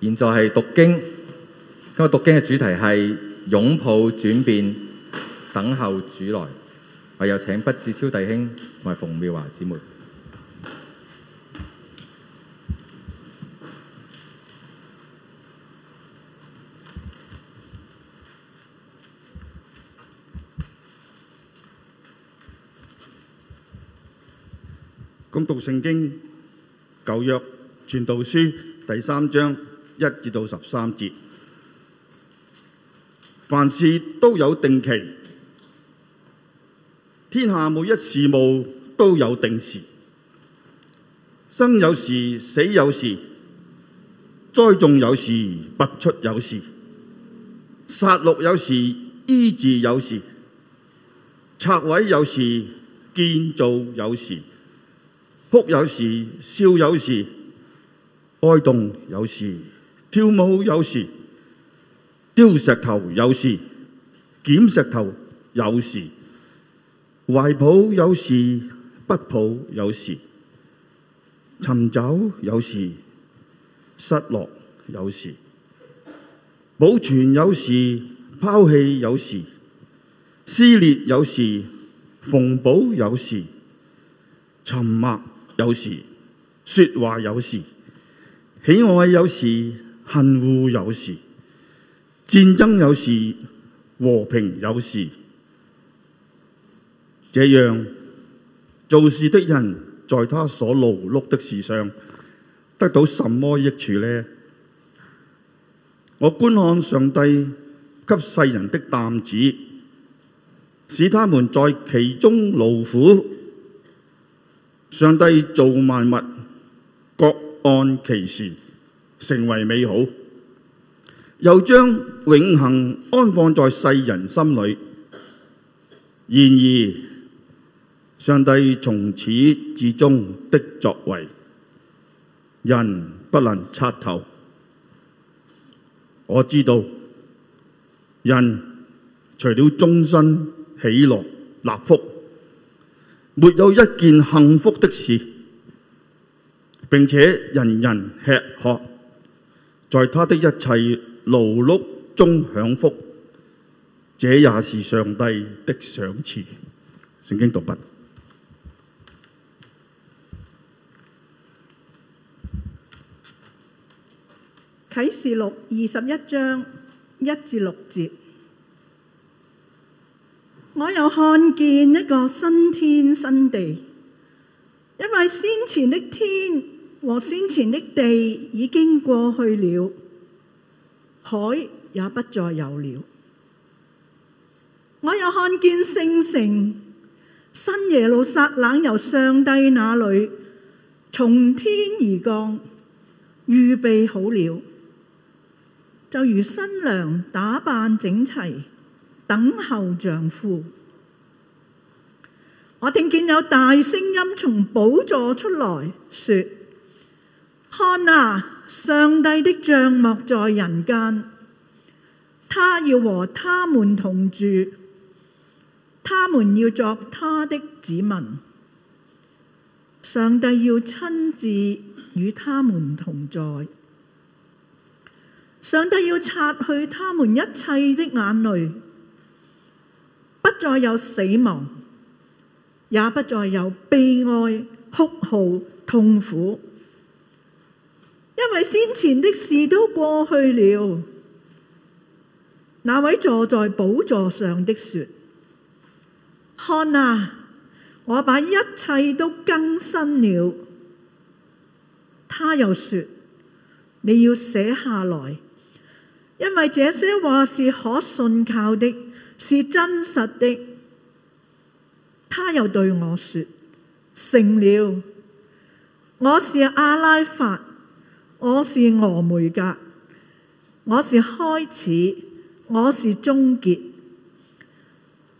現在係讀經，今日讀經嘅主題係擁抱轉變，等候主來。我有請畢志超弟兄同埋馮妙華姊妹。咁讀聖經《舊約傳道書》第三章。一至到十三節，凡事都有定期，天下每一事物都有定時。生有時，死有時；栽種有時，拔出有時；殺戮有時，醫治有時；拆毀有時，建造有時；哭有時，笑有時；哀動有時，跳舞有時，丟石頭有時，撿石頭有時，懷抱有時，不抱有時，尋找有時，失落有時，保存有時，拋棄有時，撕裂有時，縫補有時，沉默有時，說話有時，喜愛有時。恨惡有時，戰爭有時，和平有時。這樣做事的人，在他所勞碌的事上，得到什麼益處呢？我觀看上帝給世人的擔子，使他們在其中勞苦。上帝造萬物，各按其時。成為美好，又將永恆安放在世人心裏。然而，上帝從始至終的作為，人不能參透。我知道，人除了終身喜樂、納福，沒有一件幸福的事。並且人人吃喝。在他的一切勞碌中享福，這也是上帝的賞賜。聖經讀畢，啟示錄二十一章一至六節，我又看見一個新天新地，因為先前的天。和先前的地已經過去了，海也不再有了。我又看見聖城新耶路撒冷由上帝那裏從天而降，預備好了，就如新娘打扮整齊等候丈夫。我聽見有大聲音從寶座出來說。看啊！上帝的帳幕在人間，他要和他們同住，他們要作他的子民。上帝要親自與他們同在，上帝要擦去他們一切的眼淚，不再有死亡，也不再有悲哀、哭號、痛苦。因為先前的事都過去了，那位坐在寶座上的説：看啊，我把一切都更新了。他又説：你要寫下來，因為這些話是可信靠的，是真實的。他又對我説：成了，我是阿拉法。我是俄梅戛，我是開始，我是終結。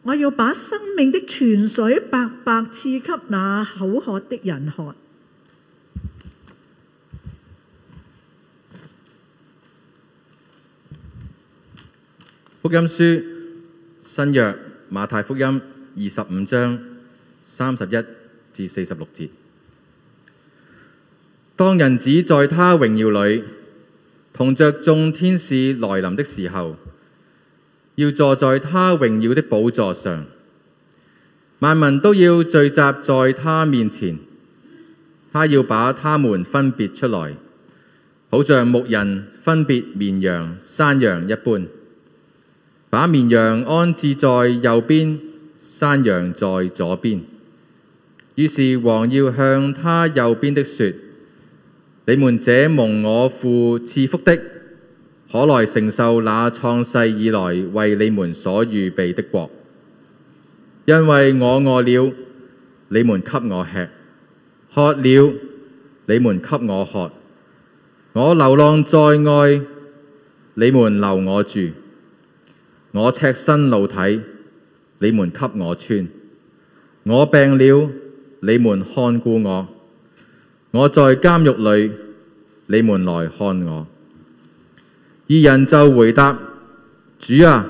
我要把生命的泉水白白賜給那口渴的人喝。福音書，新約馬太福音二十五章三十一至四十六節。當人子在他榮耀裏同着眾天使來臨的時候，要坐在他榮耀的寶座上，萬民都要聚集在他面前。他要把他們分別出來，好像牧人分別綿羊山羊一般，把綿羊安置在右邊，山羊在左邊。於是王要向他右邊的說：你們這蒙我父賜福的，可來承受那創世以來為你們所預備的國。因為我餓了，你們給我吃；渴了，你們給我喝。我流浪在外，你們留我住；我赤身露體，你們給我穿；我病了，你們看顧我。我在監獄裏，你們來看我。二人就回答主啊，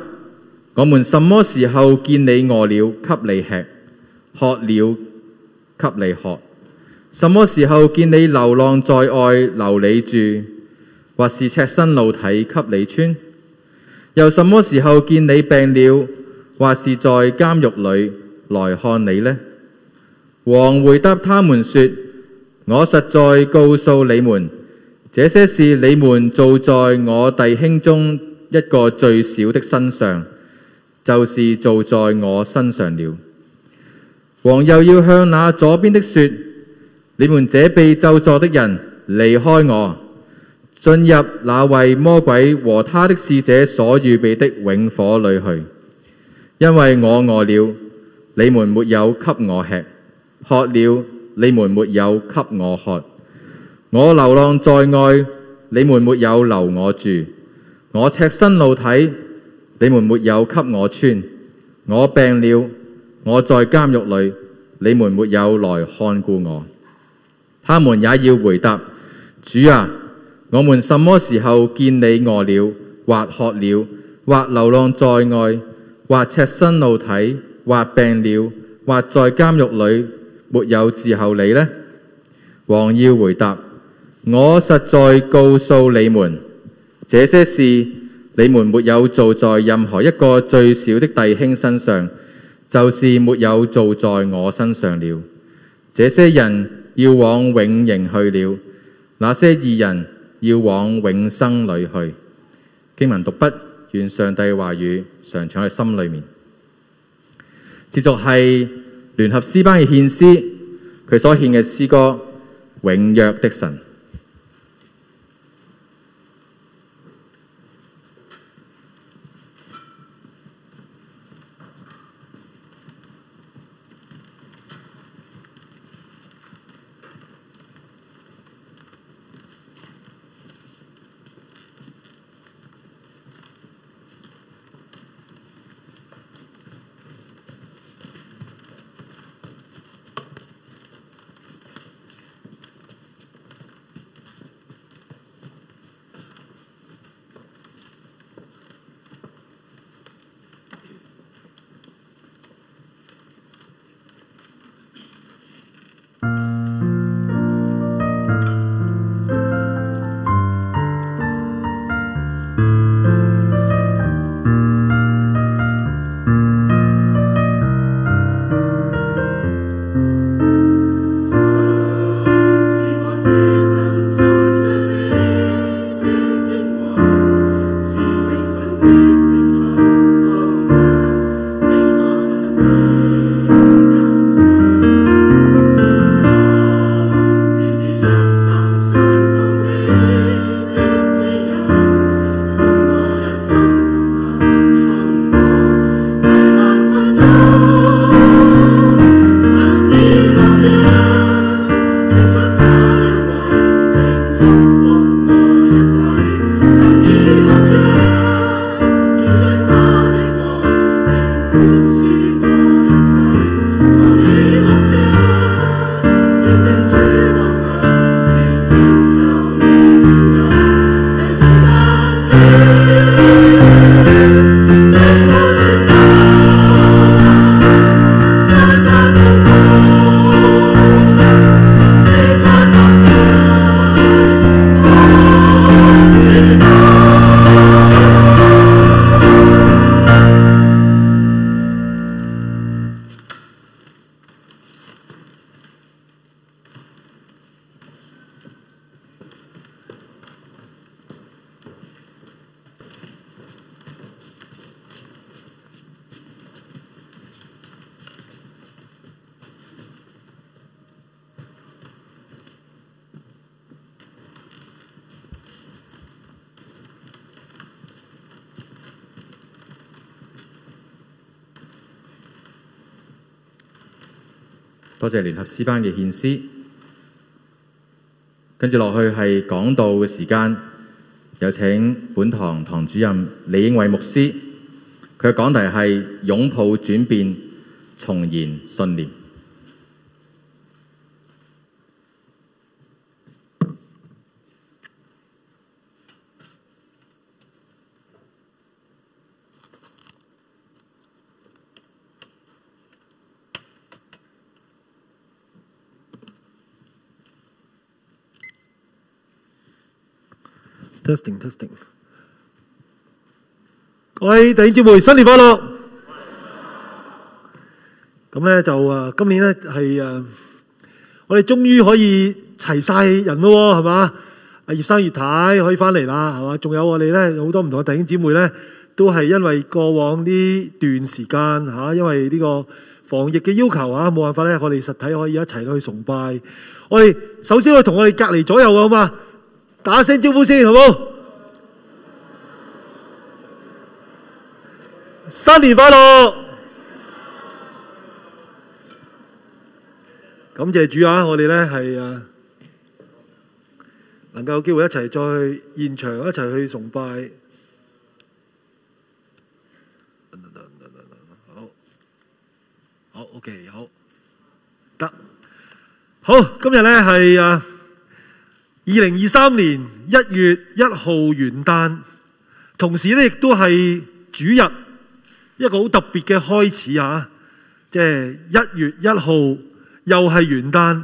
我們什麼時候見你餓了，給你吃；渴了，給你喝。什麼時候見你流浪在外，留你住，或是赤身露體，給你穿？又什麼時候見你病了，或是在監獄裏來看你呢？王回答他們說。我實在告訴你們，這些事你們做在我弟兄中一個最小的身上，就是做在我身上了。王又要向那左邊的說：你們這被咒詛的人，離開我，進入那位魔鬼和他的使者所預備的永火裏去，因為我餓了，你們沒有給我吃，渴了。你們沒有給我喝，我流浪在外，你們沒有留我住，我赤身露體，你們沒有給我穿，我病了，我在監獄裏，你們沒有來看顧我。他們也要回答：主啊，我們什麼時候見你餓了或渴了或流浪在外或赤身露體或病了或在監獄裏？沒有伺候你呢？」王要回答我，實在告訴你們這些事，你們沒有做在任何一個最小的弟兄身上，就是沒有做在我身上了。這些人要往永刑去了，那些義人要往永生裏去。經文讀畢，願上帝話語常常喺心裏面。接續係。聯合詩班嘅獻詩，佢所獻嘅詩歌《永約的神》。聯合師班嘅獻師。跟住落去係講道嘅時間，有請本堂堂主任李英偉牧師，佢嘅講題係擁抱轉變，重燃信念。testing testing，各位弟兄姊妹，新年快樂！咁咧就啊，今年咧係啊，我哋終於可以齊晒人咯，係嘛？阿葉生、葉太可以翻嚟啦，係嘛？仲有我哋咧，好多唔同嘅弟兄姊妹咧，都係因為過往呢段時間吓，因為呢個防疫嘅要求吓，冇辦法咧，我哋實體可以一齊去崇拜。我哋首先去同我哋隔籬左右嘅啊嘛，打聲招呼先，好唔好？新年快樂！感謝主啊，我哋呢係誒，能夠有機會一齊再去現場一齊去崇拜。好，好，OK，好，得，好，今日呢係誒。二零二三年一月一號元旦，同時咧亦都係主日，一個好特別嘅開始啊！即係一月一號又係元旦，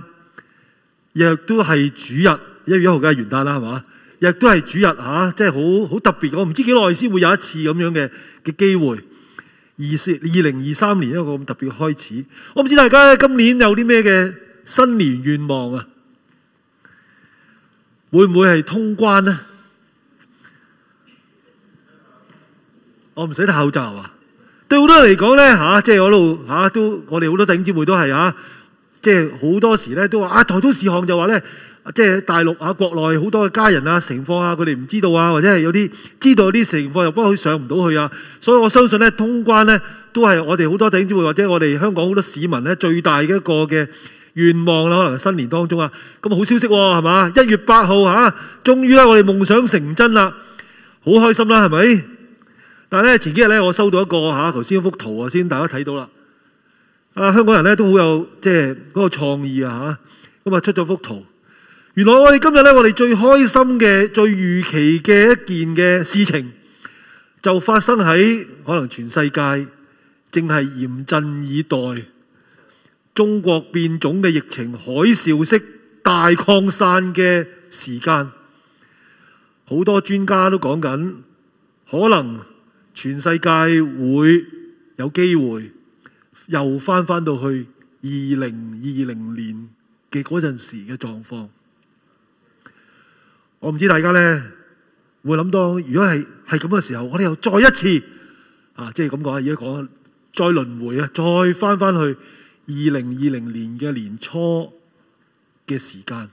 亦都係主日。一月一號梗係元旦啦，係嘛？亦都係主日啊！即係好好特別，我唔知幾耐先會有一次咁樣嘅嘅機會。二零二三年一個咁特別嘅開始，我唔知大家今年有啲咩嘅新年願望啊？會唔會係通關呢？我唔使戴口罩啊！對好多人嚟講呢，嚇，即係我度嚇，都我哋好多弟兄姊妹都係啊。即係好多時呢，都話啊，台多事項就話呢，即、啊、係、就係、大陸啊，國內好多嘅家人啊，情況啊，佢哋唔知道啊，或者係有啲知道啲情況又幫佢上唔到去啊，所以我相信呢，通關呢都係我哋好多弟兄姊妹或者我哋香港好多市民呢最大嘅一個嘅。願望啦，可能新年當中啊，咁好消息係、哦、嘛？一月八號啊，終於咧，我哋夢想成真啦，好開心啦，係咪？但係咧，前幾日咧，我收到一個吓，頭、啊、先幅圖啊，先大家睇到啦。啊，香港人咧都好有即係嗰個創意啊，吓咁啊出咗幅圖。原來我哋今日咧，我哋最開心嘅、最預期嘅一件嘅事情，就發生喺可能全世界正係嚴陣以待。中國變種嘅疫情海嘯式大擴散嘅時間，好多專家都講緊，可能全世界會有機會又翻翻到去二零二零年嘅嗰陣時嘅狀況。我唔知大家呢會諗到，如果係係咁嘅時候，我哋又再一次啊，即係咁講，而家講再輪回啊，再翻翻去。二零二零年嘅年初嘅時間，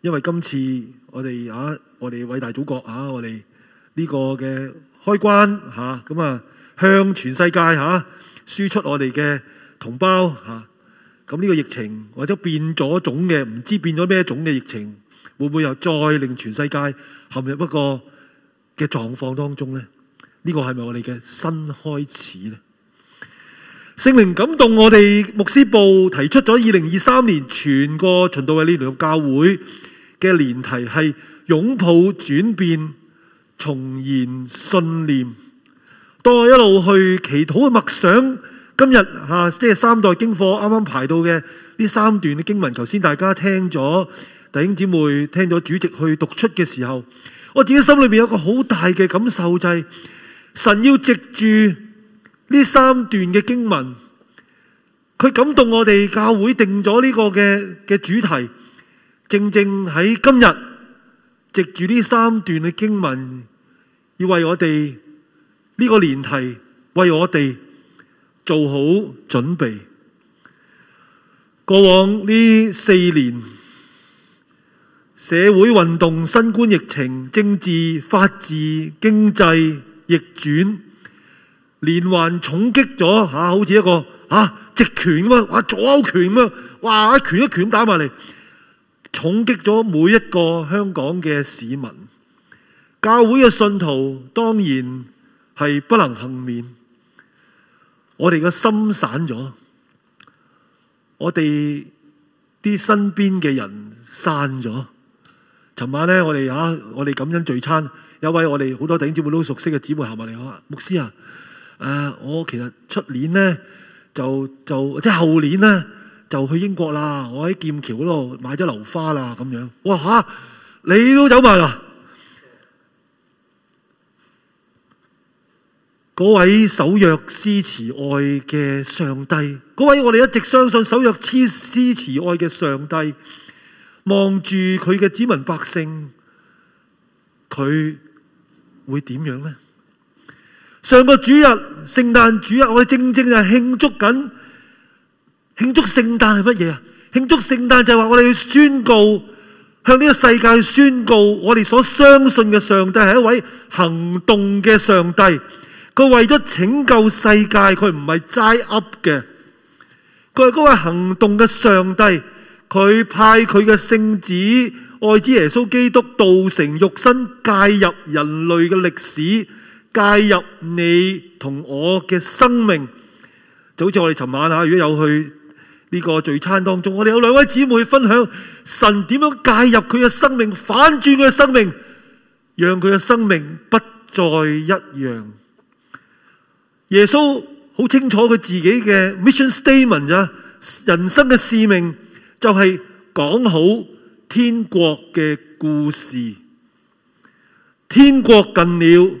因為今次我哋啊，我哋偉大祖國啊，我哋呢個嘅開關嚇，咁啊向全世界嚇輸出我哋嘅同胞嚇，咁、這、呢個疫情或者變咗種嘅，唔知變咗咩種嘅疫情，會唔會又再令全世界陷入一個嘅狀況當中咧？呢、這個係咪我哋嘅新開始咧？聖靈感動我哋牧師部提出咗二零二三年全個循道衛理聯合教會嘅年題係擁抱轉變，重燃信念。當我一路去祈禱、默想今日吓、啊，即係三代經課啱啱排到嘅呢三段經文，頭先大家聽咗弟兄姊妹聽咗主席去讀出嘅時候，我自己心裏邊有個好大嘅感受、就是，就係神要藉住。呢三段嘅經文，佢感動我哋教會定咗呢個嘅嘅主題，正正喺今日，藉住呢三段嘅經文，要為我哋呢、呢個年題，為我哋做好準備。過往呢四年，社會運動、新冠疫情、政治、法治、經濟逆轉。連環重擊咗吓，好似一個吓、啊、直拳咁左拳咁啊，哇一拳、啊、拳一拳打埋嚟，重擊咗每一個香港嘅市民，教會嘅信徒當然係不能幸免。我哋嘅心散咗，我哋啲身邊嘅人散咗。尋晚呢，我哋吓、啊、我哋感恩聚餐，有位我哋好多弟兄姊妹都熟悉嘅姊妹行埋嚟，我牧師啊。誒，uh, 我其實出年咧就就即係後年咧就去英國啦。我喺劍橋嗰度買咗樓花啦咁樣。哇嚇、啊，你都走埋啦！嗰 位守約施慈愛嘅上帝，嗰 位我哋一直相信守約施施慈愛嘅上帝，望住佢嘅子民百姓，佢會點樣咧？上個主日，聖誕主日，我哋正正係慶祝緊，慶祝聖誕係乜嘢啊？慶祝聖誕就係話我哋要宣告，向呢個世界宣告，我哋所相信嘅上帝係一位行動嘅上帝。佢為咗拯救世界，佢唔係齋噏嘅。佢係嗰位行動嘅上帝，佢派佢嘅聖子愛子耶穌基督道成肉身，介入人類嘅歷史。介入你同我嘅生命，就好似我哋尋晚吓，如果有去呢個聚餐當中，我哋有兩位姊妹分享神點樣介入佢嘅生命，反轉佢嘅生命，讓佢嘅生命不再一樣。耶穌好清楚佢自己嘅 mission statement 啊，人生嘅使命就係講好天國嘅故事，天國近了。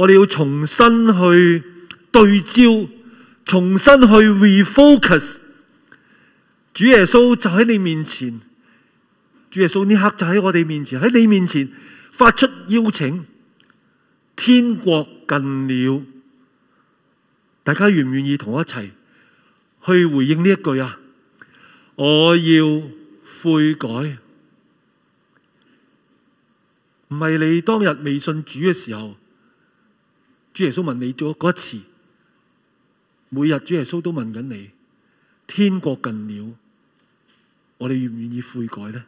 我哋要重新去對焦，重新去 refocus。主耶穌就喺你面前，主耶穌呢刻就喺我哋面前，喺你面前發出邀請。天國近了，大家願唔願意同我一齊去回應呢一句啊？我要悔改，唔係你當日未信主嘅時候。主耶穌問你嗰一次，每日主耶穌都問緊你：天國近了，我哋願唔願意悔改呢？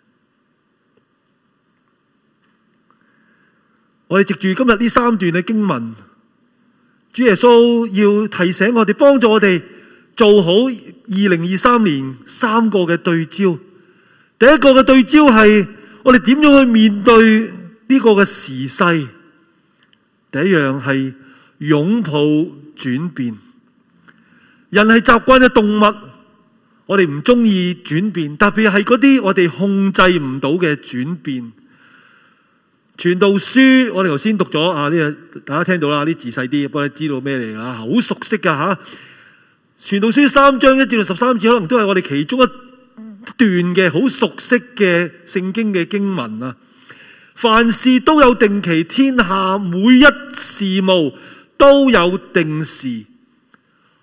我哋藉住今日呢三段嘅經文，主耶穌要提醒我哋，幫助我哋做好二零二三年三個嘅對焦。第一個嘅對焦係我哋點樣去面對呢個嘅時勢。第一樣係。擁抱轉變，人係習慣嘅動物，我哋唔中意轉變，特別係嗰啲我哋控制唔到嘅轉變。傳道書我哋頭先讀咗啊，呢個大家聽到啦，啲字細啲，不過你知道咩嚟啊，好熟悉㗎吓。傳道書三章一至到十三節，可能都係我哋其中一段嘅好熟悉嘅聖經嘅經文啊。凡事都有定期，天下每一事務都有定時，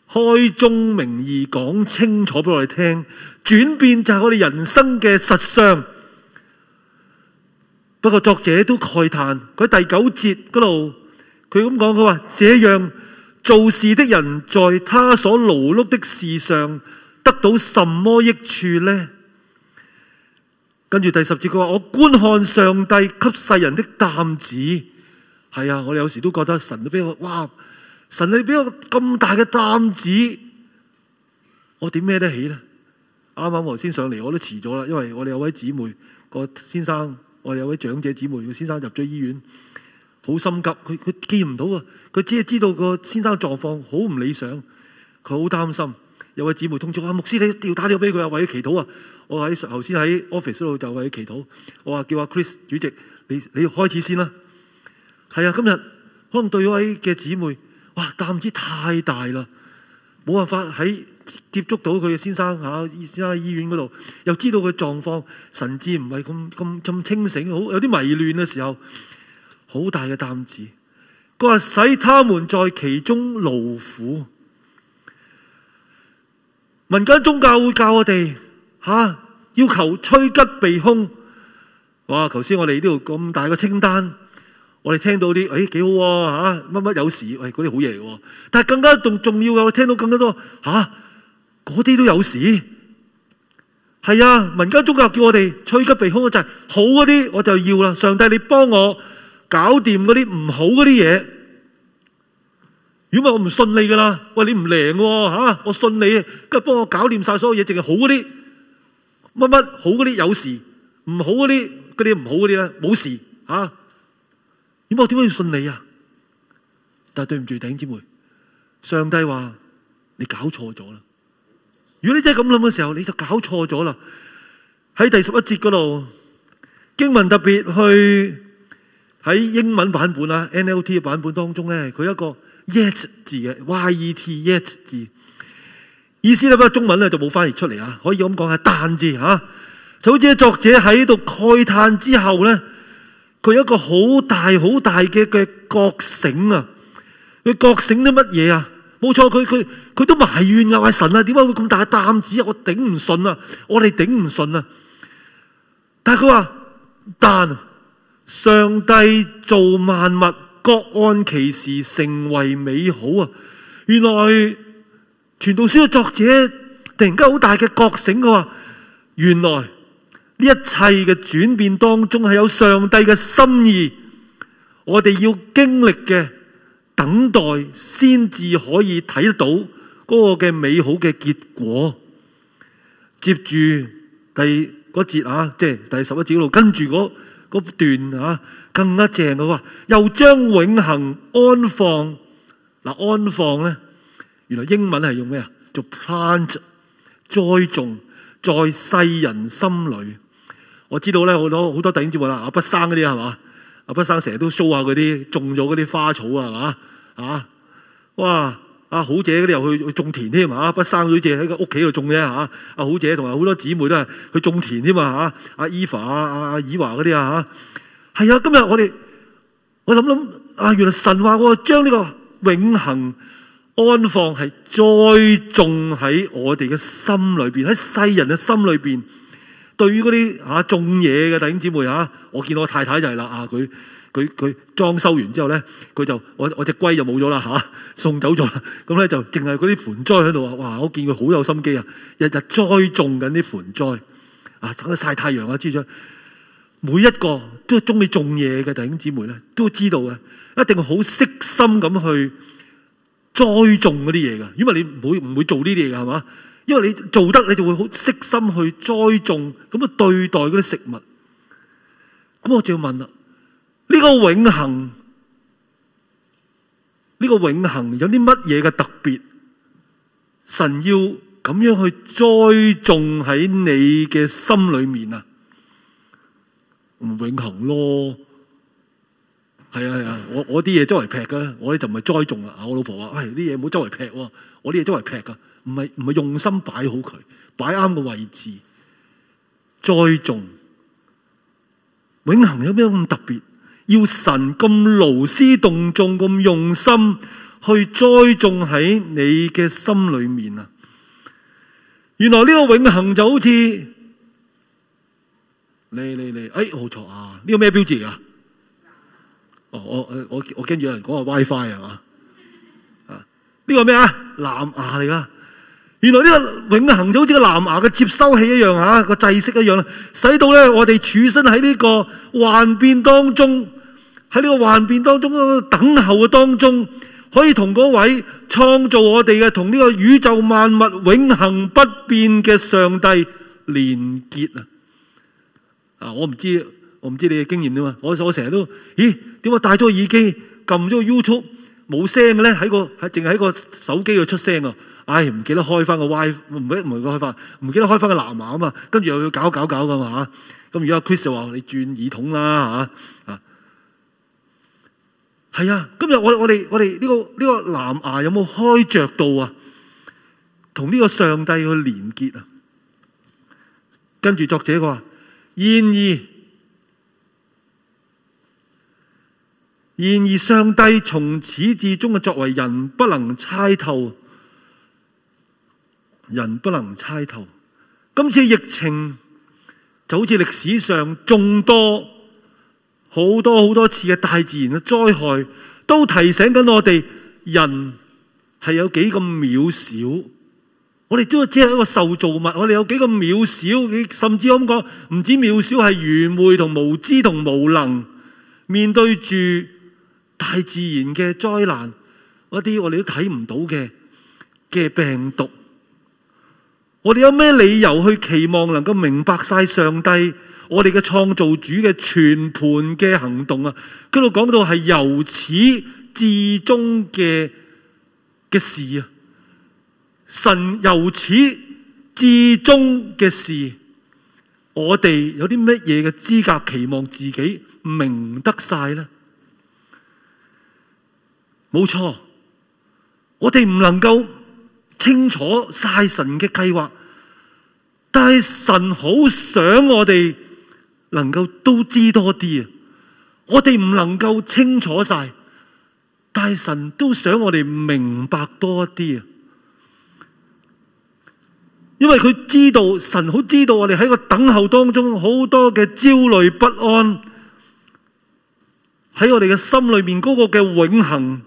開宗明義講清楚俾我哋聽，轉變就係我哋人生嘅實相。不過作者都慨嘆，佢喺第九節嗰度，佢咁講佢話：「這樣做事的人，在他所勞碌的事上，得到什麼益處呢？」跟住第十節佢話：「我觀看上帝給世人的擔子。係啊，我哋有時都覺得神都俾我，哇！神你俾我咁大嘅擔子，我點孭得起呢？啱啱我先上嚟，我都遲咗啦，因為我哋有位姐妹個先生，我哋有位長者姊妹嘅先生入咗醫院，好心急，佢佢見唔到啊！佢只係知道個先生狀況好唔理想，佢好擔心。有位姐妹通知我，牧師你調打電話俾佢啊，為佢祈禱啊！我喺頭先喺 office 度就為佢祈禱，我話叫阿 Chris 主席，你你開始先啦。係啊，今日可能對位嘅姊妹，哇，擔子太大啦，冇辦法喺接觸到佢嘅先生嚇、啊，先生醫院嗰度又知道佢狀況，神志唔係咁咁清醒，好有啲迷亂嘅時候，好大嘅擔子。佢話使他們在其中勞苦，民間宗教會教我哋嚇、啊、要求趨吉避凶。哇！頭先我哋呢度咁大嘅清單。我哋聽到啲誒、哎，幾好吓、啊，乜乜有事，喂、哎，嗰啲好嘢嚟、啊、但係更加重重要嘅，我聽到更加多吓，嗰、啊、啲都有事。係啊，民間宗教叫我哋趨吉避凶、就是，就係好嗰啲我就要啦。上帝，你幫我搞掂嗰啲唔好嗰啲嘢。如果唔係我唔信你㗎啦。喂，你唔靈吓，我信你，跟住幫我搞掂晒所有嘢，淨係好嗰啲乜乜好嗰啲有事，唔好嗰啲嗰啲唔好嗰啲咧，冇事吓。啊。點解我點解要信你啊？但係對唔住弟兄姊妹，上帝話你搞錯咗啦！如果你真係咁諗嘅時候，你就搞錯咗啦。喺第十一節嗰度經文特別去喺英文版本啊 NLT 嘅版本當中咧，佢一個 yet 字嘅，yet 字意思咧，不過中文咧就冇翻譯出嚟啊。可以咁講係但字吓，就好似作者喺度慨嘆之後咧。佢有一個好大好大嘅嘅覺醒啊！佢覺醒啲乜嘢啊？冇錯，佢佢佢都埋怨啊！喂神啊，點解會咁大嘅擔子頂啊？我頂唔順啊！我哋頂唔順啊！但係佢話，但上帝造萬物各按其時成為美好啊！原來傳道書嘅作者突然間好大嘅覺醒啊！佢話原來。呢一切嘅轉變當中係有上帝嘅心意，我哋要經歷嘅等待，先至可以睇得到嗰個嘅美好嘅結果。接住第嗰節啊，即係第十一節度，跟住嗰段啊，更加正嘅話，又將永恆安放嗱、啊、安放咧。原來英文係用咩啊？做 plant 栽種在世人心裏。我知道咧、啊啊啊啊，好多好多弟兄姊妹啦，阿畢生嗰啲係嘛，阿畢生成日都 show 下嗰啲種咗嗰啲花草啊，係嘛啊，哇！阿好姐嗰啲又去去種田添嘛，阿、啊、畢生嗰啲、啊啊、姐喺屋企度種啫。吓，阿好姐同埋好多姊妹都係去種田添嘛吓，阿 Eva 啊、阿以華嗰啲啊吓，係啊，啊，啊，啊，啊，啊！今日我哋我諗諗啊，原來神話將呢個永恒安放係栽種喺我哋嘅心裏邊，喺世人嘅心裏邊。對於嗰啲吓種嘢嘅弟兄姊妹吓、啊，我見到我太太就係、是、啦啊，佢佢佢裝修完之後咧，佢就我我隻龜就冇咗啦吓，送走咗啦。咁咧就淨係嗰啲盆栽喺度啊！哇，我見佢好有心機啊，日日栽種緊啲盆栽啊，等晒太陽啊，知唔知？每一個都係中意種嘢嘅弟兄姊妹咧，都知道嘅，一定好悉心咁去栽種嗰啲嘢噶，因為你唔會唔會做呢啲嘢噶係嘛。因為你做得，你就會好悉心去栽種，咁啊對待嗰啲食物。咁我就要問啦：呢個永恒，呢個永恒有啲乜嘢嘅特別？神要咁樣去栽種喺你嘅心裏面啊？唔永恒咯，係啊係啊，我我啲嘢周圍劈嘅，我哋就唔係栽種啊。我老婆話：喂，啲嘢唔好周圍劈喎，我啲嘢周圍劈噶。唔係用心擺好佢，擺啱個位置栽種，永恒有咩咁特別？要神咁勞師動眾咁用心去栽種喺你嘅心裏面啊！原來呢個永恒就好似你、你、你，哎，冇錯啊！呢個咩標誌啊？哦，我我我跟住有人講話 WiFi 係嘛？呢個咩啊，啊？藍牙嚟噶。原來呢個永恒就好似個藍牙嘅接收器一樣吓，個制式一樣，使到咧我哋處身喺呢個幻變當中，喺呢個幻變當中等候嘅當中，可以同嗰位創造我哋嘅同呢個宇宙萬物永恒不變嘅上帝連結啊！啊，我唔知，我唔知你嘅經驗點啊？我我成日都，咦？點解戴咗耳機撳咗 YouTube？冇聲嘅咧，喺個淨係喺個手機度出聲啊！唉，唔記得開翻個 WiFi，唔記得唔記得開翻，唔記得開翻個藍牙啊嘛，跟住又要搞搞搞噶嘛。咁如果阿 Chris 就話你轉耳筒啦嚇啊，係啊！今日我我哋我哋呢個呢個藍牙有冇開着到啊？同呢個上帝去連結啊！跟住作者佢話：然而。然而上帝從始至終啊，作為人不能猜透，人不能猜透。今次疫情就好似歷史上眾多好多好多次嘅大自然嘅災害，都提醒緊我哋人係有幾咁渺小。我哋都只係一個受造物，我哋有幾咁渺小？甚至我咁講，唔止渺小，係愚昧同無知同無能面對住。大自然嘅災難，嗰啲我哋都睇唔到嘅嘅病毒，我哋有咩理由去期望能夠明白晒上帝、我哋嘅創造主嘅全盤嘅行動啊？佢度講到係由始至終嘅嘅事啊，神由始至終嘅事，我哋有啲乜嘢嘅資格期望自己明得晒呢？冇錯，我哋唔能夠清楚晒神嘅計劃，但係神好想我哋能夠都知多啲啊！我哋唔能夠清楚晒，但係神都想我哋明白多啲啊！因為佢知道，神好知道我哋喺個等候當中好多嘅焦慮不安，喺我哋嘅心裏面嗰個嘅永恒，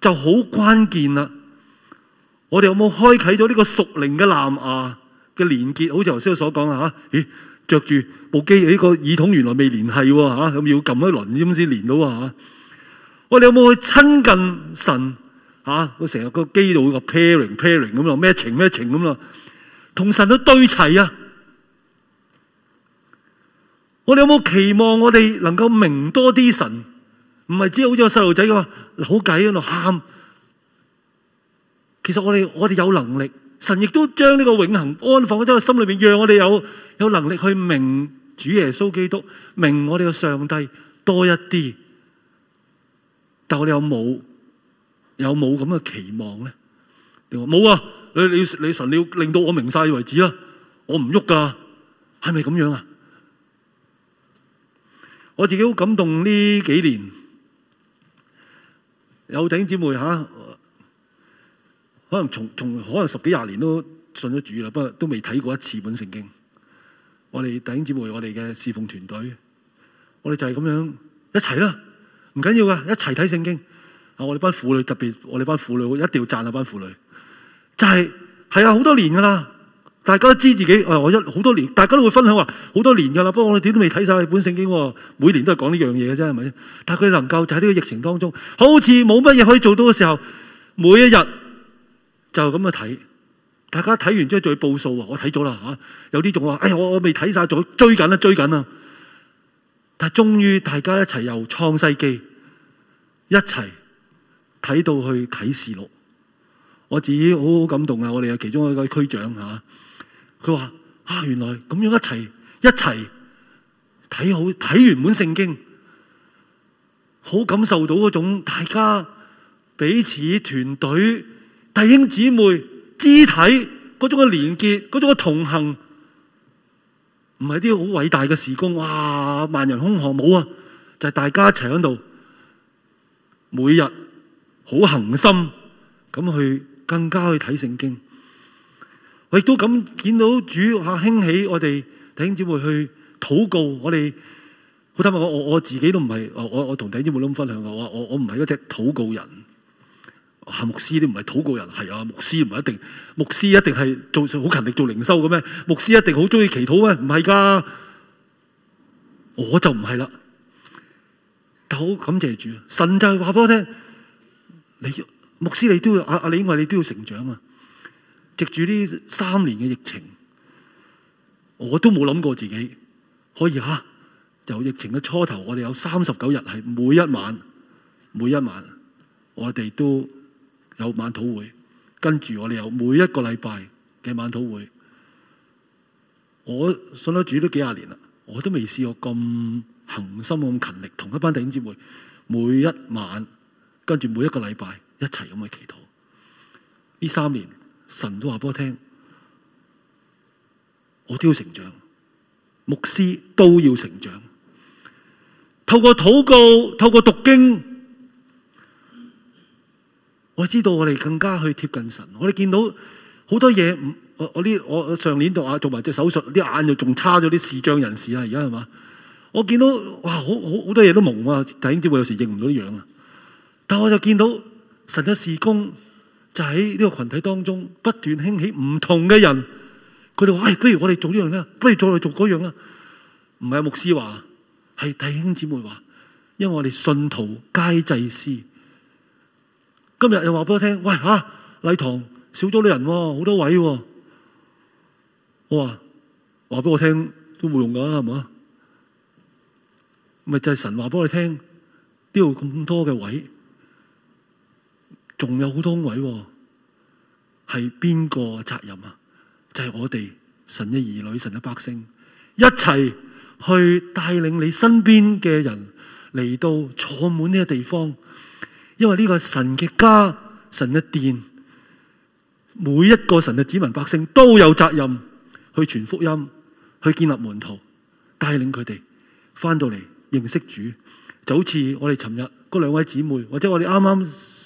就好關鍵啦！我哋有冇開啟咗呢個屬靈嘅藍牙嘅連結？好似頭先我所講啦吓，咦，着住部機，呢、這個耳筒原來未連繫喎吓，咁、啊、要撳一輪先先連到啊！我哋有冇去親近神啊？成日個機度個 pairing pairing 咁咯、啊，matching matching 咁咯，同神都對齊啊！我哋有冇期望我哋能夠明多啲神？唔係只係好似個細路仔咁啊，扭計喺度喊。其實我哋我哋有能力，神亦都將呢個永恆安放喺我心裏面，讓我哋有有能力去明主耶穌基督，明我哋嘅上帝多一啲。但係我哋有冇有冇咁嘅期望咧？我冇啊！你你你神要令到我明晒為止啦！我唔喐噶，係咪咁樣啊？我自己好感動呢幾年。有弟兄姊妹嚇，可能從從可能十幾廿年都信咗主啦，不過都未睇過一次本聖經。我哋弟兄姊妹，我哋嘅侍奉團隊，我哋就係咁樣一齊啦，唔緊要㗎，一齊睇聖經。我哋班婦女特別，我哋班婦女一定要讚下班婦女，就係、係、係啊，好多年㗎喇。大家都知自己，誒、哎、我一好多年，大家都會分享話好多年㗎啦。不過我哋點都未睇晒本聖經，每年都係講呢樣嘢嘅啫，係咪？但係佢能夠就喺、是、呢個疫情當中，好似冇乜嘢可以做到嘅時候，每一日就咁去睇。大家睇完之後再報數啊！我睇咗啦嚇，有啲仲話：哎呀，我我未睇晒，仲追緊啦，追緊啦！但係終於大家一齊由創世記，一齊睇到去啟示錄。我自己好好感動啊！我哋係其中一個區長嚇。啊佢話：啊，原來咁樣一齊一齊睇好睇完本聖經，好感受到嗰種大家彼此團隊弟兄姊妹肢體嗰種嘅連結，嗰種嘅同行，唔係啲好偉大嘅事工。哇，萬人空巷冇啊，就係、是、大家一齊喺度，每日好恒心咁去更加去睇聖經。亦都咁見到主下、啊、興起我哋弟兄姊妹去禱告我們。我哋好坦白，我我自己都唔係我我我同弟兄姊妹咁分享，我我我唔係嗰隻禱告人，啊，牧師都唔係禱告人，係啊，牧師唔係一定，牧師一定係做好勤力做靈修嘅咩？牧師一定好鍾意祈禱咩？唔係㗎，我就唔係啦。但好感謝主，神就話畀我聽，你牧師你都要阿、啊、你認為你都要成長啊。藉住呢三年嘅疫情，我都冇諗過自己可以哈、啊。就疫情嘅初頭，我哋有三十九日係每一晚，每一晚我哋都有晚禱會，跟住我哋有每一個禮拜嘅晚禱會。我信咗主都幾廿年啦，我都未試過咁恒心、咁勤力，同一班弟兄姊妹，每一晚跟住每一個禮拜一齊咁去祈禱呢三年。神都話俾我聽，我都要成長，牧師都要成長。透過禱告，透過讀經，我知道我哋更加去貼近神。我哋見到好多嘢，我我呢，我上年做啊做埋隻手術，啲眼又仲差咗啲，視障人士啊，而家係嘛？我見到哇，好好好，好多嘢都矇啊，弟兄姊妹有時認唔到啲樣啊。但我就見到神嘅事工。就喺呢個群體當中不斷興起唔同嘅人，佢哋話：，哎，不如我哋做呢樣啦，不如再嚟做嗰樣啦。唔係牧師話，係弟兄姊妹話，因為我哋信徒皆祭司。今日又話俾我聽：，喂，吓、啊、禮堂少咗啲人，好多位。我話話俾我聽都冇用噶係嘛？咪就係神話俾我聽，呢度咁多嘅位。仲有好多位喎、啊，係邊個責任啊？就係、是、我哋神嘅兒女、神嘅百姓，一齊去帶領你身邊嘅人嚟到坐滿呢個地方，因為呢個神嘅家、神嘅殿，每一個神嘅子民百姓都有責任去傳福音、去建立門徒、帶領佢哋翻到嚟認識主。就好似我哋尋日嗰兩位姊妹，或者我哋啱啱，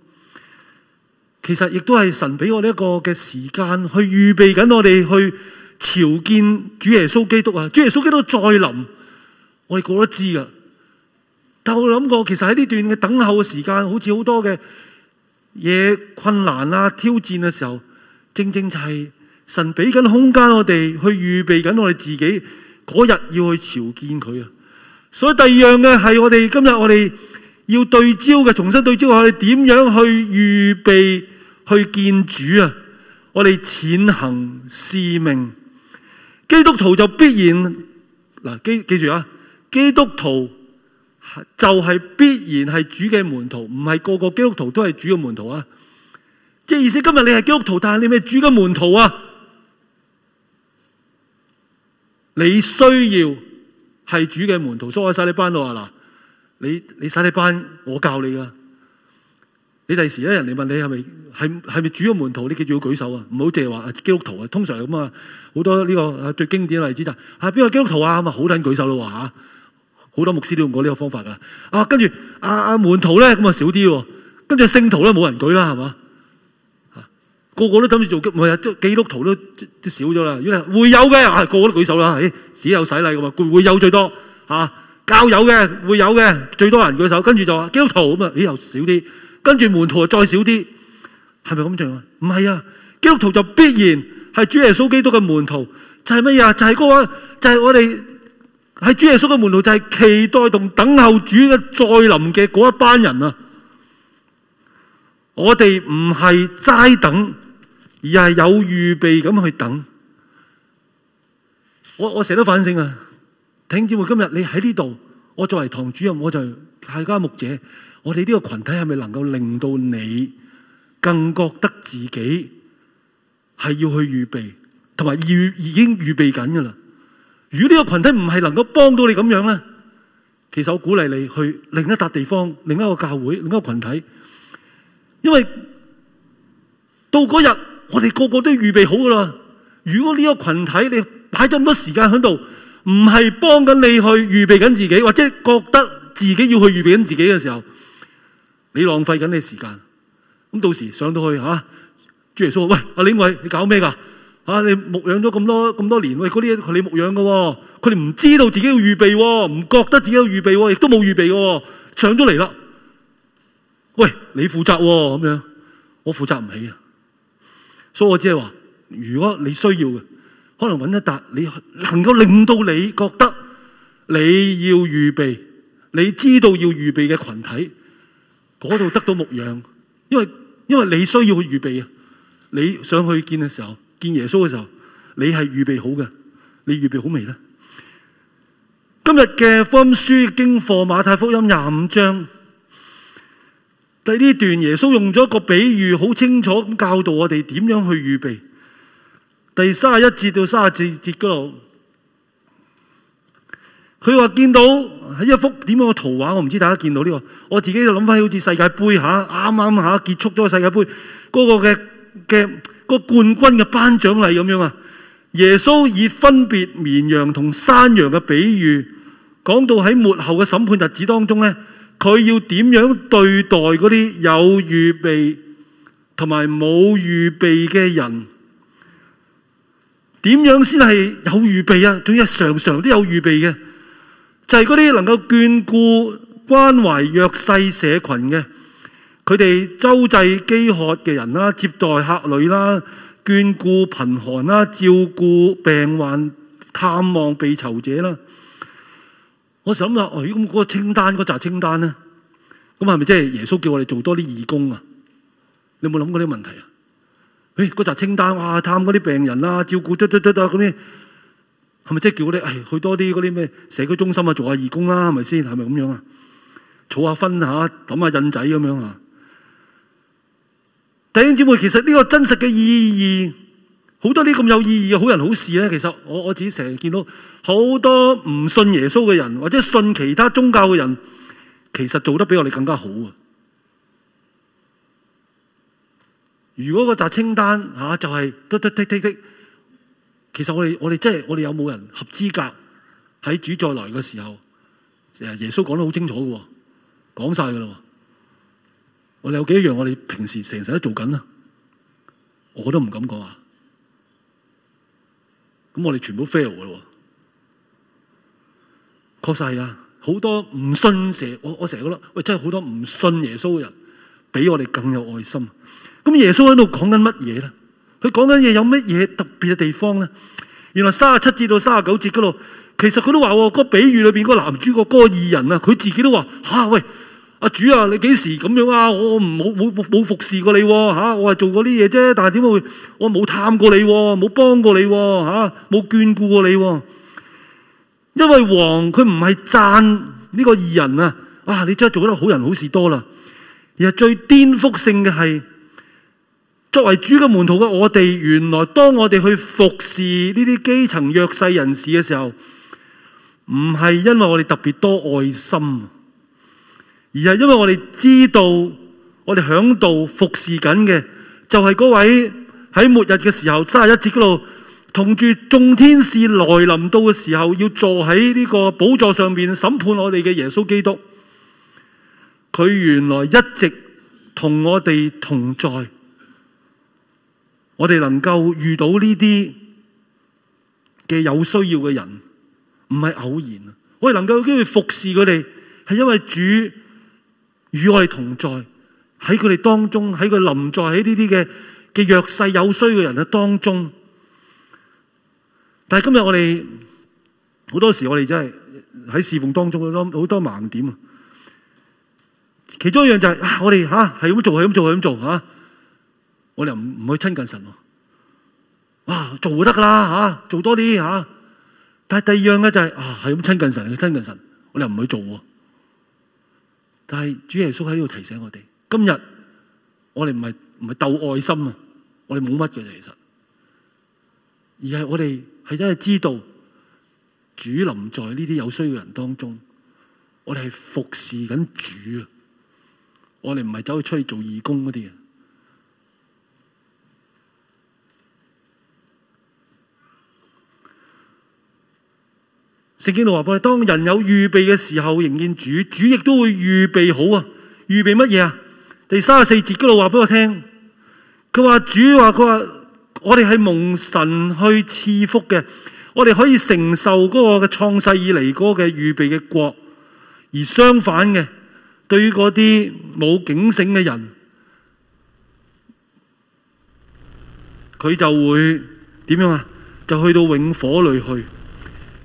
其實亦都係神俾我呢一個嘅時間去預備緊我哋去朝見主耶穌基督啊！主耶穌基督再臨，我哋個個都知啊！但我諗過，其實喺呢段嘅等候嘅時間，好似好多嘅嘢困難啊、挑戰嘅時候，正正就係神俾緊空間我哋去預備緊我哋自己嗰日要去朝見佢啊！所以第二樣嘅係我哋今日我哋要對焦嘅，重新對焦下，我哋點樣去預備。去見主啊！我哋踐行使命，基督徒就必然嗱，記，記住啊！基督徒就係必然係主嘅門徒，唔係個個基督徒都係主嘅門徒啊！即係意思今日你係基督徒，但係你咪主嘅門徒啊！你需要係主嘅門徒，所以我喺晒你班度啊嗱！你你晒你班，我教你噶。.你第時有人嚟問你係咪係係咪主嘅門徒？你記住要舉手，這個就是，啊！唔好淨係話基督徒啊。通常咁啊，好多呢個最經典例子就係啊，邊個基督徒啊？咁啊，好多人舉手咯吓，好多牧師都用過呢個方法噶。啊，跟住啊啊門徒咧咁啊少啲，跟住聖徒咧冇人舉啦，係嘛，啊？個個都等住做基唔係啊？都基督徒都少咗啦。原來會友嘅、啊，個個都舉手啦。誒、哎，只有洗禮噶嘛，會會友最多吓、啊、教友嘅會友嘅最多人舉手，跟住就基督徒咁啊，咦又少啲。跟住門徒再少啲，係咪咁樣啊？唔係啊，基督徒就必然係主耶穌基督嘅門徒，就係乜嘢啊？就係嗰位，就係我哋喺主耶穌嘅門徒，就係期待同等候主嘅再臨嘅嗰一班人啊！我哋唔係齋等，而係有預備咁去等。我我成日都反省啊，弟兄姊妹今日你喺呢度，我作為堂主任，我就係大家牧者。我哋呢個群體係咪能夠令到你更覺得自己係要去預備，同埋已已經預備緊噶啦？如果呢個群體唔係能夠幫到你咁樣咧，其實我鼓勵你去另一笪地方、另一個教會、另一個群體，因為到嗰日我哋個個都預備好噶啦。如果呢個群體你擺咗咁多時間喺度，唔係幫緊你去預備緊自己，或者覺得自己要去預備緊自己嘅時候，你浪費緊你時間，到時上到去吓，主耶穌話，喂，阿李偉，你搞咩噶？吓，你牧養咗咁多咁多年喂，嗰啲係你牧養噶，佢哋唔知道自己要預備，唔覺得自己要預備，亦都冇預備嘅，上咗嚟啦。喂，你負責哦，咁樣，我負責唔起。所以我只係話，如果你需要嘅，可能搵一笪你能夠令到你覺得你要預備，你知道要預備嘅群體。嗰度得到牧羊，因為因為你需要去預備，你想去見嘅時候，見耶穌嘅時候，你係預備好嘅，你預備好未咧？今日嘅福音書經課馬太福音廿五章，第呢段耶穌用咗一個比喻，好清楚咁教導我哋點樣去預備。第三十一節到三十二節嗰度。佢話見到喺一幅點樣嘅圖畫，我唔知大家見到呢個。我自己就諗返好似世界盃嚇，啱啱嚇結束咗世界盃嗰、嗰個嘅、嗰個、冠軍嘅頒獎禮咁樣啊！耶穌以分別綿羊同山羊嘅比喻，講到喺末後嘅審判日子當中咧，佢要點樣對待嗰啲有預備同埋冇預備嘅人？點樣先係有預備啊？總之，常常都有預備嘅。就係嗰啲能夠眷顧、關懷弱勢社群嘅，佢哋周濟飢渴嘅人啦，接待客旅啦，眷顧貧寒啦，照顧病患、探望被囚者啦。我諗下，哦、哎，咁、那、嗰個清單嗰扎、那個、清單咧，咁係咪即係耶穌叫我哋做多啲義工啊？你有冇諗過啲個問題啊？誒、哎，嗰、那、扎、個、清單，哇，探嗰啲病人啦，照顧得得得得啲。等等等等。係咪即係叫啲？誒，去多啲嗰啲咩社區中心啊，做下義工啦，係咪先？係咪咁樣啊？儲下分下，抌下印仔咁樣啊？弟兄姊妹，其實呢個真實嘅意義，好多啲咁有意義嘅好人好事咧。其實我我自己成日見到好多唔信耶穌嘅人，或者信其他宗教嘅人，其實做得比我哋更加好啊！如果個集清單嚇就係得得得得得。得得得其實我哋我哋真係我哋有冇人合資格喺主再來嘅時候？誒，耶穌講得好清楚嘅喎，講晒嘅咯。我哋有幾多樣我哋平時成日都做緊啊？我都唔敢講啊！咁我哋全部 fail 嘅咯。確實係好多唔信神。我我成日覺得，喂，真係好多唔信耶穌嘅人，比我哋更有愛心。咁耶穌喺度講緊乜嘢咧？佢講緊嘢有乜嘢特別嘅地方咧？原來三十七節到三十九節嗰度，其實佢都話喎，哦個比喻裏邊、個男主個哥義人啊，佢自己都話吓、啊、喂，阿、啊、主啊，你幾時咁樣啊？我唔冇冇冇服侍過你吓、啊啊，我係做過啲嘢啫，但係點解會我冇探過你、啊，冇幫過你吓、啊，冇、啊、眷顧過你、啊？因為王佢唔係讚呢個義人啊，啊你真係做得好人好事多啦。而最顛覆性嘅係。作為主嘅門徒嘅我哋，原來當我哋去服侍呢啲基層弱勢人士嘅時候，唔係因為我哋特別多愛心，而係因為我哋知道我哋響度服侍緊嘅就係嗰位喺末日嘅時候三十一節嗰度同住眾天使來臨到嘅時候要坐喺呢個寶座上邊審判我哋嘅耶穌基督。佢原來一直同我哋同在。我哋能夠遇到呢啲嘅有需要嘅人，唔係偶然啊！我哋能夠有機會服侍佢哋，係因為主與我哋同在，喺佢哋當中，喺佢臨在喺呢啲嘅嘅弱勢有需嘅人嘅當中。但係今日我哋好多時我哋真係喺侍奉當中好多好多盲點啊！其中一樣就係啊啊，我哋吓係咁做，係咁做，係咁做吓。啊我哋唔唔去親近神、啊啊、做就得噶啦吓，做多啲吓、啊。但係第二樣嘅就係、是、啊，係、就、咁、是、親近神，親近神，我哋又唔去做喎、啊。但係主耶穌喺呢度提醒我哋，今日我哋唔係唔係鬥愛心啊，我哋冇乜嘅其實，而係我哋係真係知道主臨在呢啲有需要嘅人當中，我哋係服侍緊主啊，我哋唔係走去出去做義工嗰啲嘅。聖經路話俾我聽，當人有預備嘅時候，仍然主，主亦都會預備好啊！預備乜嘢啊？第三十四節嗰度話俾我聽，佢話主話佢話，我哋係蒙神去賜福嘅，我哋可以承受嗰個嘅創世以嚟嗰嘅預備嘅國。而相反嘅，對於嗰啲冇警醒嘅人，佢就會點樣啊？就去到永火裏去。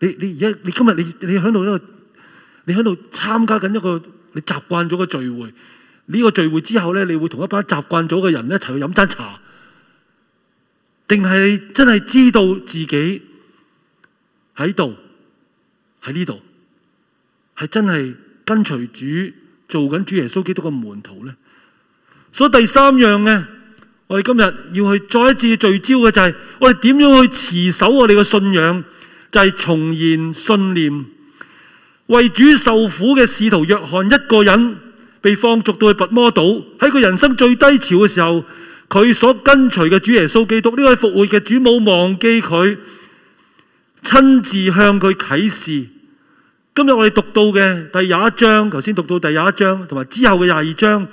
你你而家你今日你你喺度，呢個你喺度參加緊一個你習慣咗嘅聚會，呢個聚會之後咧，你會同一班習慣咗嘅人一齊去飲餐茶，定係你真係知道自己喺度喺呢度，係真係跟隨主做緊主耶穌基督嘅門徒咧。所以第三樣咧，我哋今日要去再一次聚焦嘅就係我哋點樣去持守我哋嘅信仰。就係重燃信念，為主受苦嘅使徒約翰一個人被放逐到去拔摩島，喺佢人生最低潮嘅時候，佢所跟隨嘅主耶穌基督呢位、這個、復活嘅主冇忘記佢，親自向佢啟示。今日我哋讀到嘅第廿一章，頭先讀到第廿一章，同埋之後嘅廿二章，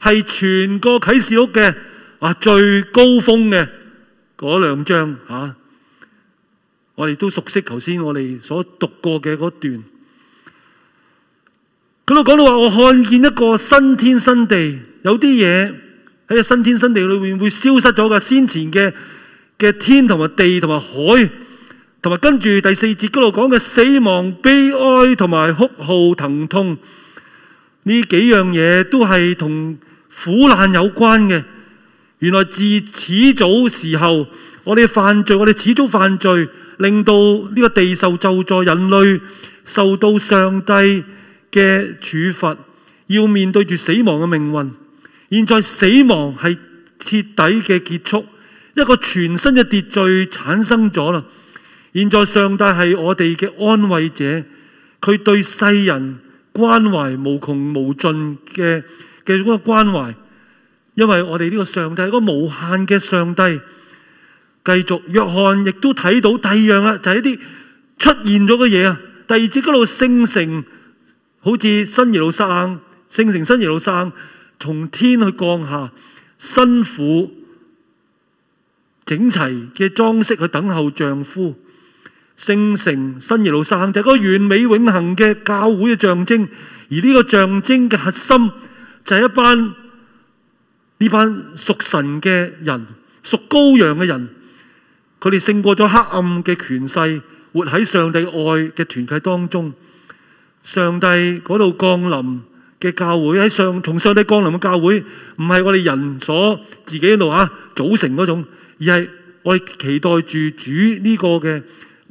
係全個啟示錄嘅啊最高峰嘅嗰兩章嚇。啊我哋都熟悉，頭先我哋所讀過嘅嗰段，咁度講到話，我看見一個新天新地，有啲嘢喺個新天新地裏面會消失咗嘅。先前嘅嘅天同埋地同埋海，同埋跟住第四節嗰度講嘅死亡、悲哀同埋哭號、疼痛呢幾樣嘢，都係同苦難有關嘅。原來自始祖時候，我哋犯罪，我哋始終犯罪。令到呢個地受就助人類受到上帝嘅處罰，要面對住死亡嘅命運。現在死亡係徹底嘅結束，一個全新嘅秩序產生咗啦。現在上帝係我哋嘅安慰者，佢對世人關懷無窮無盡嘅嘅嗰個關懷，因為我哋呢個上帝，係個無限嘅上帝。繼續，約翰亦都睇到第二樣啦，就係、是、一啲出現咗嘅嘢啊！第二節嗰度聖城，好似新耶路撒冷，聖城新耶路撒冷從天去降下，辛苦整齊嘅裝飾去等候丈夫。聖城新耶路撒冷就係、是、個完美永恆嘅教會嘅象徵，而呢個象徵嘅核心就係、是、一班呢班屬神嘅人，屬羔羊嘅人。佢哋勝過咗黑暗嘅權勢，活喺上帝愛嘅團體當中。上帝嗰度降臨嘅教會喺上，從上帝降臨嘅教會，唔係我哋人所自己喺度啊組成嗰種，而係我哋期待住主呢個嘅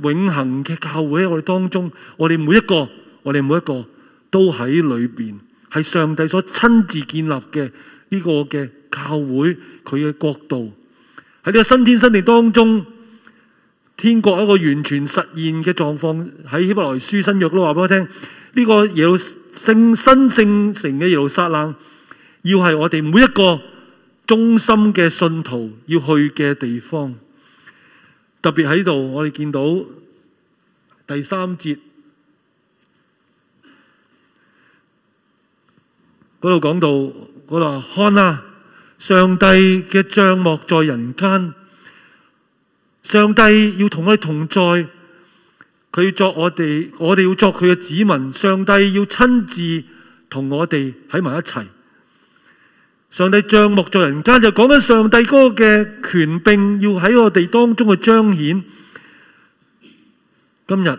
永恆嘅教會喺我哋當中。我哋每一個，我哋每一個都喺裏邊，係上帝所親自建立嘅呢個嘅教會。佢嘅國度喺呢個新天新地當中。天國一個完全實現嘅狀況，喺希伯來書新約都話俾我聽，呢個耶路聖新聖城嘅耶路撒冷，要係我哋每一個忠心嘅信徒要去嘅地方。特別喺度，我哋見到第三節嗰度講到嗰度話，看啊，上帝嘅帳幕在人間。上帝要同佢同在，佢作我哋，我哋要作佢嘅子民。上帝要親自同我哋喺埋一齊。上帝帳幕在人間，就講緊上帝嗰個嘅權柄，要喺我哋當中去彰顯。今日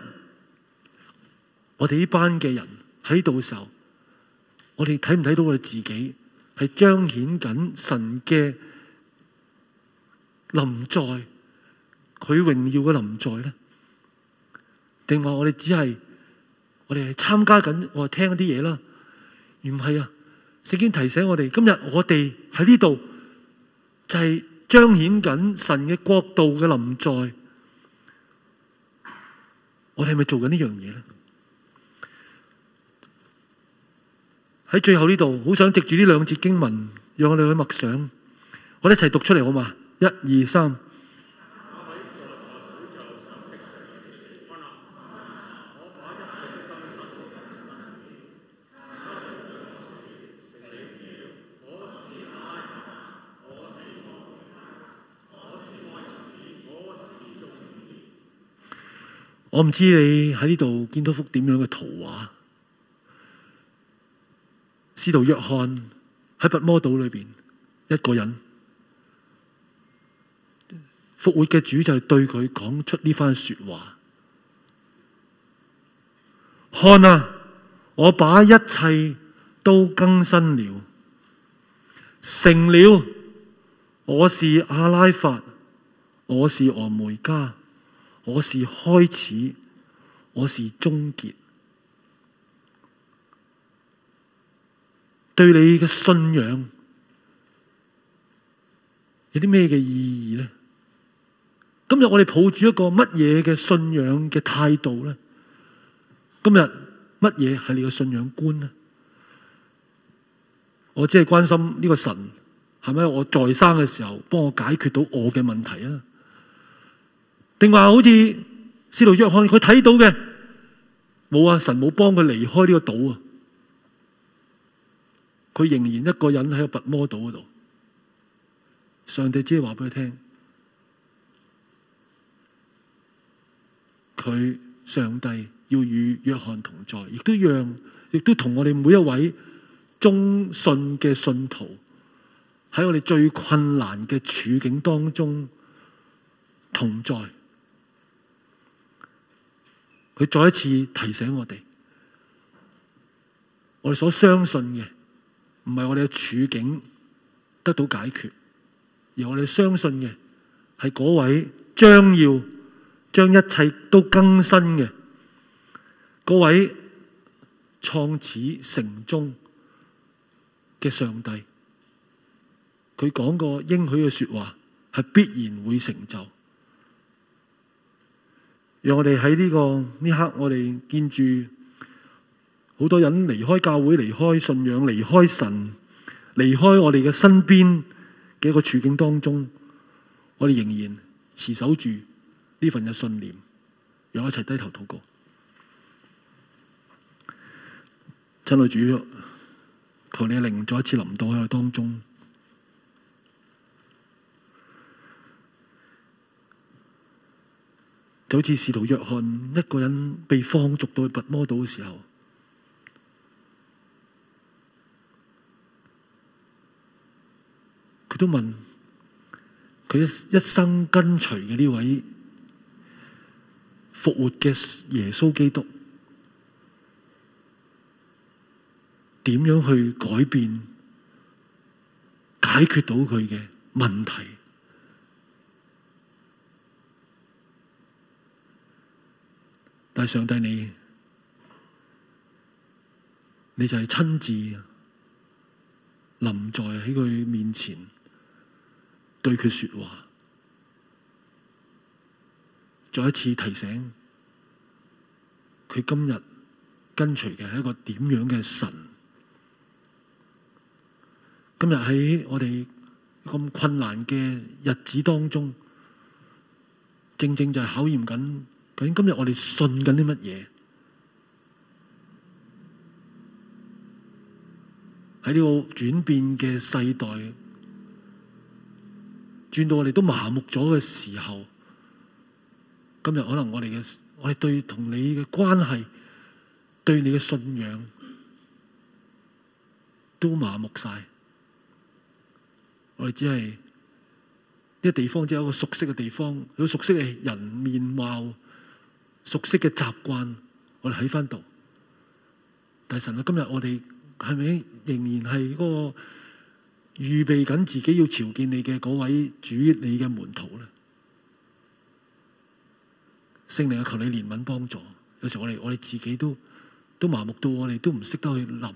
我哋呢班嘅人喺度嘅時候，我哋睇唔睇到我哋自己係彰顯緊神嘅臨在？佢榮耀嘅臨在呢？定話我哋只係我哋係參加緊，我係聽啲嘢啦，而唔係啊！聖經提醒我哋，今日我哋喺呢度就係彰顯緊神嘅國度嘅臨在。我哋係咪做緊呢樣嘢呢？喺最後呢度，好想藉住呢兩節經文，讓我哋去默想。我哋一齊讀出嚟好嗎？一二三。我唔知你喺呢度見到幅點樣嘅圖畫？使徒約翰喺拔摩島裏邊一個人復活嘅主就對佢講出呢番說話：看啊， ana, 我把一切都更新了，成了，我是阿拉法，我是俄梅加。我是開始，我是終結。對你嘅信仰，有啲咩嘅意義呢？今日我哋抱住一個乜嘢嘅信仰嘅態度呢？今日乜嘢係你嘅信仰觀呢？我只係關心呢個神係咪我在生嘅時候幫我解決到我嘅問題呢？定話好似使徒約翰佢睇到嘅，冇啊，神冇幫佢離開呢個島啊，佢仍然一個人喺個拔摩島嗰度。上帝只係話俾佢聽，佢上帝要與約翰同在，亦都讓亦都同我哋每一位忠信嘅信徒喺我哋最困難嘅處境當中同在。佢再一次提醒我哋，我哋所相信嘅唔係我哋嘅處境得到解決，而我哋相信嘅係嗰位將要將一切都更新嘅，嗰位創始成終嘅上帝。佢講個應許嘅說話係必然會成就。讓我哋喺呢個呢刻，我哋見住好多人離開教會，離開信仰，離開神，離開我哋嘅身邊嘅一個處境當中，我哋仍然持守住呢份嘅信念，讓我哋一齊低頭禱告。親愛嘅主，求你嘅靈再一次臨到喺我哋當中。就好似使徒約翰一個人被放逐到拔摩島嘅時候，佢都問佢一生跟隨嘅呢位復活嘅耶穌基督，點樣去改變、解決到佢嘅問題？但係上帝你，你你就係親自臨在喺佢面前，對佢說話，再一次提醒佢今日跟隨嘅係一個點樣嘅神。今日喺我哋咁困難嘅日子當中，正正就係考驗緊。究竟今日我哋信緊啲乜嘢？喺呢個轉變嘅世代，轉到我哋都麻木咗嘅時候，今日可能我哋嘅我哋對同你嘅關係，對你嘅信仰都麻木晒，我哋只係呢、這個地方只係一個熟悉嘅地方，有熟悉嘅人面貌。熟悉嘅習慣，我哋喺翻度。大神啊，今日我哋係咪仍然係嗰個預備緊自己要朝見你嘅嗰位主？你嘅門徒呢？聖靈啊，求你憐憫幫助。有時候我哋我哋自己都，都麻木到我哋都唔識得去諗。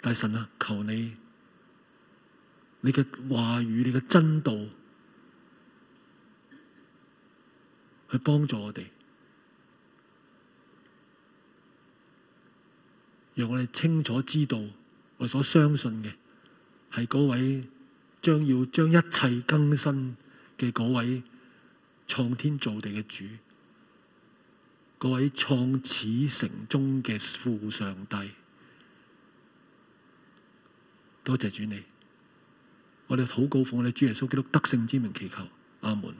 大神啊，求你你嘅話語，你嘅真道，去幫助我哋，讓我哋清楚知道我哋所相信嘅係嗰位將要將一切更新嘅嗰位創天造地嘅主，嗰位創始成終嘅父上帝。多謝主你，我哋禱告奉我哋主耶穌基督得勝之名祈求，阿門。